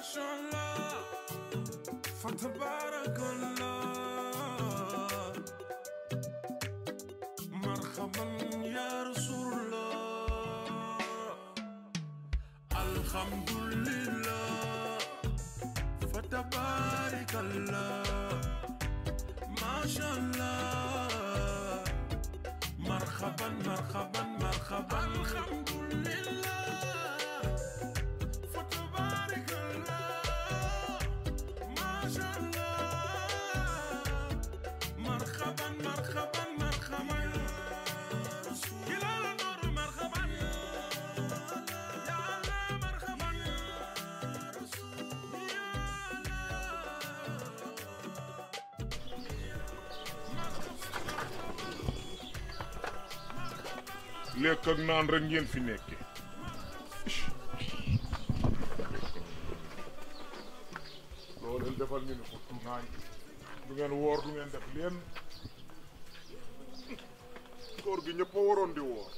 macha allah fa tabarakallah marhaban ya rasulullah alhamdulillah fa tabarakallah macha allah marhaban marhaban marhaban alhamdulillah lekk ak naan rek ngeen fi nekke loolu defal ñu ne ko naañ du ngeen woor du ngeen def leen koor gi ñëpp a waroon di woor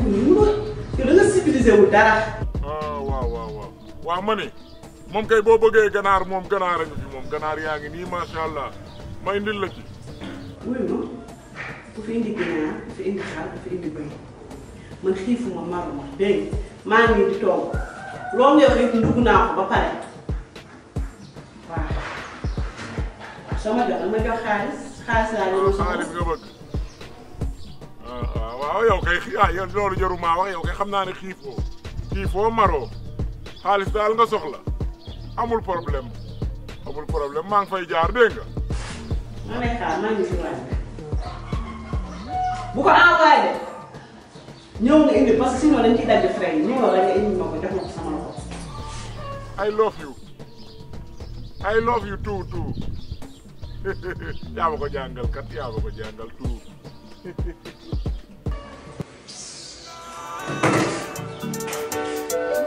yuuxu yow da nga civilisé dara. Ah, waaw waaw waaw waaw ma ne moom kay boo bëggee ganaar moom ganaar a ngi fi moom ganaar yaa ngi nii macha allah may ndil la ci. wuyu ma bu fi indi ganaar bu fi indi xar bu fi indi bëy man xiifuma maruma dégg maa ngi di toog loolu nga wax ndugg naa ko ba pare waaw sama jox ma jox xaalis xaalis laa ah, yor. xaalis nga bëgg. waaw yow kay ah yow loolu jarul wax yow kay xam naa ne xiifoo xiifoo maroo xaalis daal nga soxla amul problème amul problème maa ngi fay jaar dégg nga. ma may xaar maa ngi si waat bu ko envoyé de ñëw nga indi parce que sinon dañ ciy dagg frais yi ñëw nga indi ma ko jox ma ko sama loxo. I love you I love you too too yaa ma ko jàngal kat yaa ma ko jàngal too.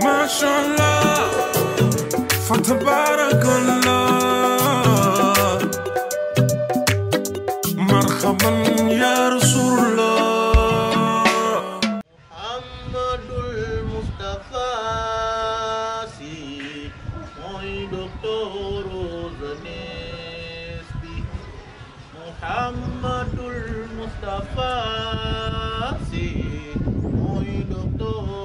macha allah fa tabarakallah marhaban ya rasulullah Muhammadul Mustafa si mooy docteur jeunesse bi Muhammadul Mustafa si mooy docteur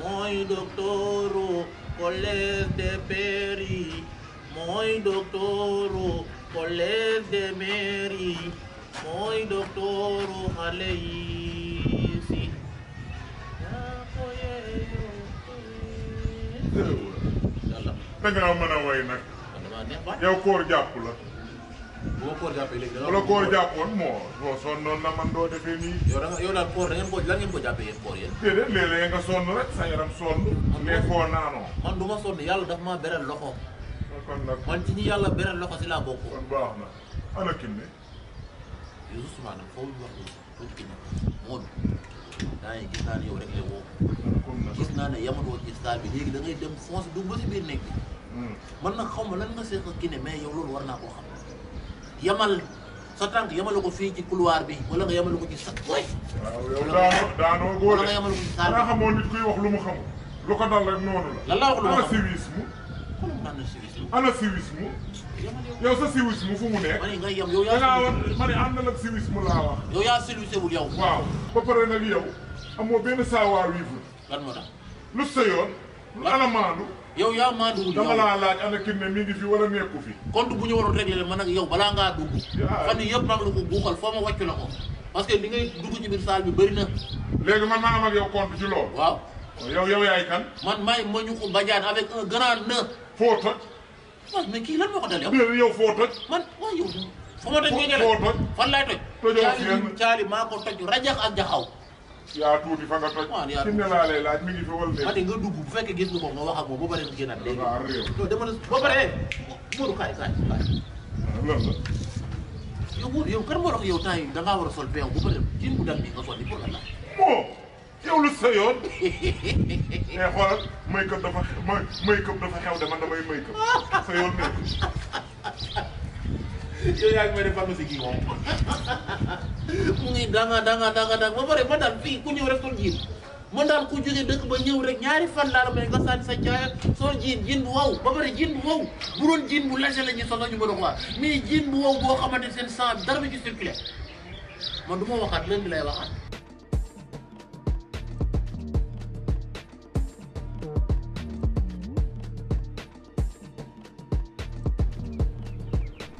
mooy docteuru collège de pairie mooy docteuru collège de mairie mooy docteuru xale yi si danga mën a woy nag yow koor jàpp la koor jàppee léegi. da la koor jàppoon moo boo sonnoon na man doo defee nii. yow da nga daal koor da ngeen ko lan ngeen ko jàppee yéen koor yéen. déedéet léeg-léeg nga sonn rek sa yaram sonn. ma sonn yàlla daf maa yàlla beral loxo si laa bokk. kon baax na ana kinne. yow Ousmane foofu ñu wax moom daa ngi gis naa ne yow rek lay woo. gis naa ne yamatoo ci saa bi léegi da ngay dem fonce du ba si biir nekk bi. Hmm. man nag xaw ma lan nga seq ak kinne mais yow loolu war naa koo xam yamal sa tànk yamalu ko fii ci couloir bi wala nga yamalu ko ci sa waaw yow daanoo daanoo nga yamalu ko ci saa xamoo nit kuy wax lu mu xamul. lu ko dal rek noonu la. lan wax lu ma xamul ana civisme. ana civisme ana sa civisme fu mu nekk. ma ne nga yem yow yaa ma ne ànd nag civisme laa wax. yow yaa civisme wul yow. waaw ba pare nag yow amoo benn saawaar yu bëri. lan lu sa ana maandu. yow yaa maandu. dama laa laaj ana kin ne bu ñu waroon réglé man ak yow balaa ngaa dugg. fan yii yëpp maa ngi la ko buuxal foo ma wàccu la ko. parce que li ngay dugg ci biir salle bi bëri na. léegi man maa am ak yow compte ci loolu. waaw oh, yow yow yaay kan. man maay Mbagnioukhou Badiane avec grand nœud. foo toj. waaw kii lan moo ko dal yow. yow foo toj. man waaw yow. fu ma toj ngeen jëlee foo toj fan laay toj. tojoo caali maa ko toj rajax ak jaxaw yaa tuuti fa nga toj. waaw yaa tuuti fi laa lay laaj mi nga dugg bu gis nga moom nga wax ak moom boo paree nga génnaat léegi. waaw réew loolu dama ne boo paree Modou kaay kaay kaay. waaw loolu la. yow yow kan moo tax yow temps yii da war a sol peew bu paree jiin nga sol ni pour nga la. bon yow lu sa yoon. mais eh, xoolal make-up dafa may make-up dafa xew de man damay make-up sa yoon nekk. yow yaa ngi may def pharmacie kii moom. mu ngi danga danga danga danga ba pare ma daal fii ku ñëw rek sol jiin ma daal ku jógee dëkk ba ñëw rek ñaari fan laa la may nga sànni sa caaya sol jiin jiin bu wow ba pare jiin bu wow bu doon jiin bu léger la ñuy sol ñu mën a jiin bu wow boo xamante seen sang bi dara du ci circulé man du waxaat leen bi lay waxaat.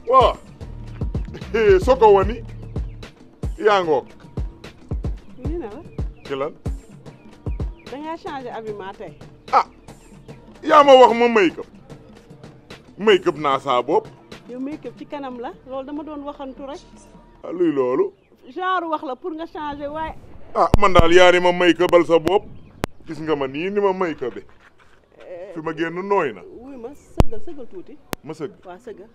waaw soo ko wani yaa ngoog. ñu ne la. ci lan. da ngaa changé tey. ah yaa ma wax ma make up make up naa saa bopp. yow make up ci kanam la loolu dama doon waxantu rek. ah luy loolu. genre wax la pour nga changé waaye. ah man daal yaa ni ma make upal sa bopp gis nga ma nii ni ma make up bi eh. fi ma génn nooy na. wuy ma sëggal sëggal tuuti. ma sëgg waaw sëggal.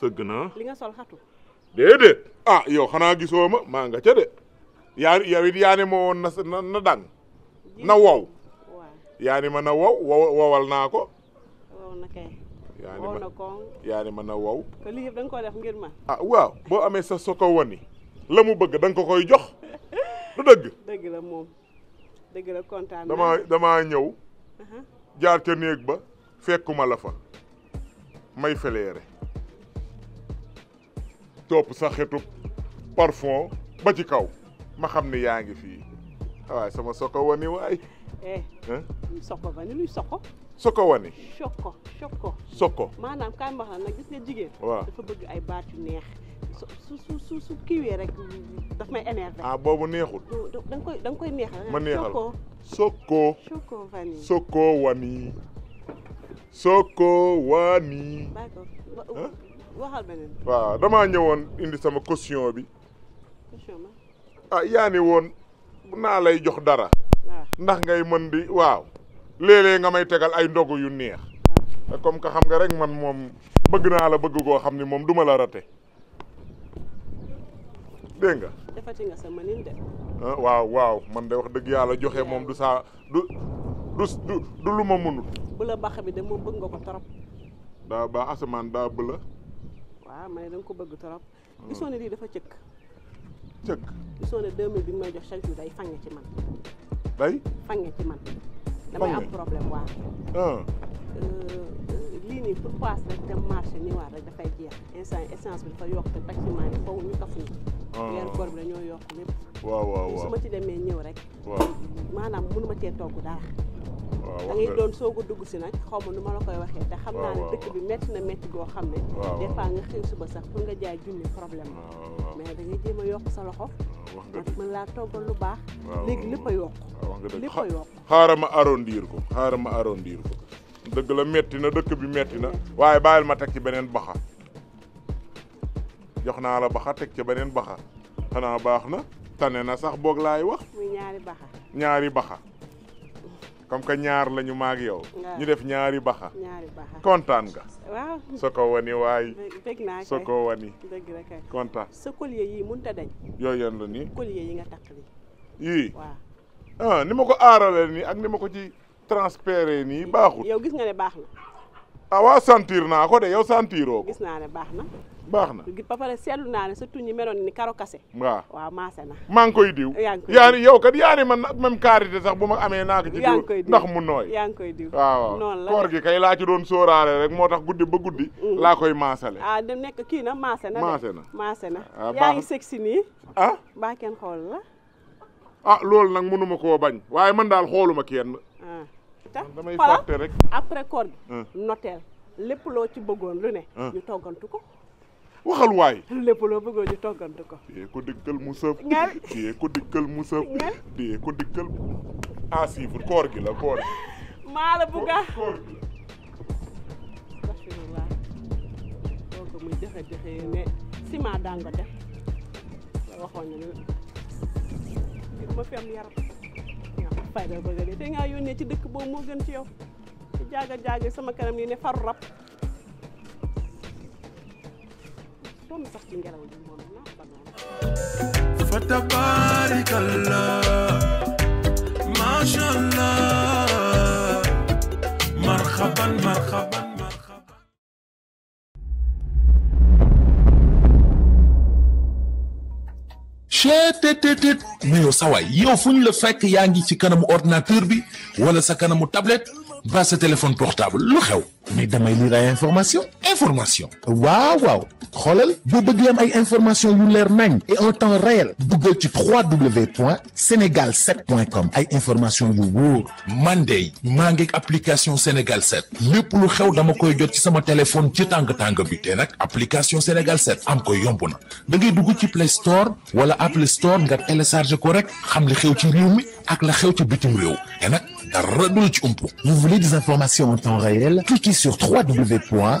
sëgg naa. li nga sol xatu. déedéet ah yow xanaa gisoo ma maa nga ca de yaa yow it yaa ne ma woon na dang na wow yaa ni ma na wow wowal naa ko wow na kay yaa ni ma yaa ni na wow te lii yëpp da nga def ngir ma ah waaw boo amee sa soko woni la mu bëgg da ko koy jox du dëgg dëgg la moom damaa damaa ñëw jaar ca néeg ba fekkuma la fa may feleere topp sa xetu parfum ba ci kaw ma xam ne yaa ngi fii waaye sama soko wani waay. Eh, soko wani luy soko. soko wani. soko soko. soko maanaam kaay ma wax la nag gis nga jigéen. waaw dafa bëgg ay baat neex. su su su su kiiwee rek daf may énervé. ah boobu neexul. da nga koy da nga koy neexal. ma neexal soko soko. soko wani. soko wani. soko wani. waxal beneen waaw damaa ñëwoon indi sama caution bi. caution ah yaa ni woon naa lay jox dara. ndax ngay mën di waaw. léeg-léeg nga may tegal ay ndogu yu neex. te comme que xam nga rek man moom bëgg naa la bëgg koo xam ni moom duma la rate dégg nga. nga sa ah, waaw waaw man day wax dëgg yàlla joxe moom du saa du du du lu ma mënul. bu la baax bi de moom bëgg nga ko trop. daa baax asamaan daa bëla waaw ma ne danga ko bëgg trop. Hmm. gisoo ne lii dafa cëkk. cëkk gisoo ne 2000 bi may jox chaque jour day nga ci man. day nga ci man. damay am problème waaw. Ah. Euh, lii nii pour paas rek dem marché nii waat rek dafay jeex instant essence bi dafa yokk te taximaan yi foofu ñu tafuñu. Ah. weer koor bi dañoo yokk lépp. waaw waaw waaw ma ci demee ñëw rek. waaw maanaam mënu ma cee togg dara. da ngay doon soog dugg si nag xaw ma nu ma la koy waxee te xam naa ne dëkk bi métti na métti goo xam ne des nga xëy suba sax pour nga jaay junni problème la mais da ngay jéem a yokk sa loxo mën laa toggal lu baax léegi lépp a yokk lépp a yokk xaaral ma arrondir ko dëgg la métti na dëkk bi métti na waaye bàyyil ma teg ci beneen baxa jox naa la baxa teg ci beneen baxa xanaa baax na tane na sax boog laay wax muy ñaari baxa ñaari baxa comme que ñaar lañu ñu maag ñu def ñaari baxa. kontaan nga. waaw soo wani waay. dëgg naa wani. kontaan. sa collier yi mënut a dañ. yooyu yan la yi nga takk nii. yii ah ni ma ko aaralee nii ak ni ma ko ci transféré nii baaxul. yow gis nga ne baax na. ah waaw sentir naa ko de yow sentiroo gis naa ne baax na. baax na ba pare seetlu naa ne sa tuñ yi meloon ni karo kase waaw maase na maa ngi koy diw yaa ni yow kat yaa ni man même karité sax bu ma amee naa ko ci diw ndax mu nooy yaa ngi koy diw waaw la koor gi kay laa ci doon sóoraale rek moo tax guddi ba guddi mm. laa koy maasale ah da nekk kii na maase na maase na maase na ah, yaa ngi sexy nii ah baa kenn xool la ah loolu nag mënuma koo bañ waaye man daal xooluma kenn ah. damay fàtte rek après koor gi ah. noteel lépp loo ci bëggoon lu ne ko waxal waay. lépp loo bëggoon ñu toggante ko. dee ko dikkal mu sëf. ñaar dee ko dikkal mu sëf. ñaar dee ko dikkal. à suivre koor gi la koor gi. maa la bugg a koor gi la. alhamdulilah donc muy jafe-jafe ne ciment Dangote la waxoon ne ngir ma fi ci dëkk boobu moo gën ci yow te jaaga jaaga sama kanam yi ne faru rab. sonn sax ci ngelaw li moom naa ba noonu fa tabarakallah masha allah marhaban marhaban chetetetet mais yow sa waay yow fu ñu la fekk yaa ngi ci kanamu ordinateur bi wala sa kanamu tablette ba sa téléphone portable lu xew mais damay lire ay information information waaw waaw xoolal boo bëgg am ay information yu leer nañ et en temps réel duggal ci 3w point sénégal 7 point com ay information yu wóor man de maa ngi application sénégal 7 lépp lu xew dama koy jot ci sama téléphone ci tàng tàng bi te application sénégal 7 am ko yomb na da ngay dugg ci play store wala apple store nga télécharge ko rek xam li xew ci réew mi ak la xew ci bitim réew te dara du la ci ump vous des informations en temps réel cliquez sur w point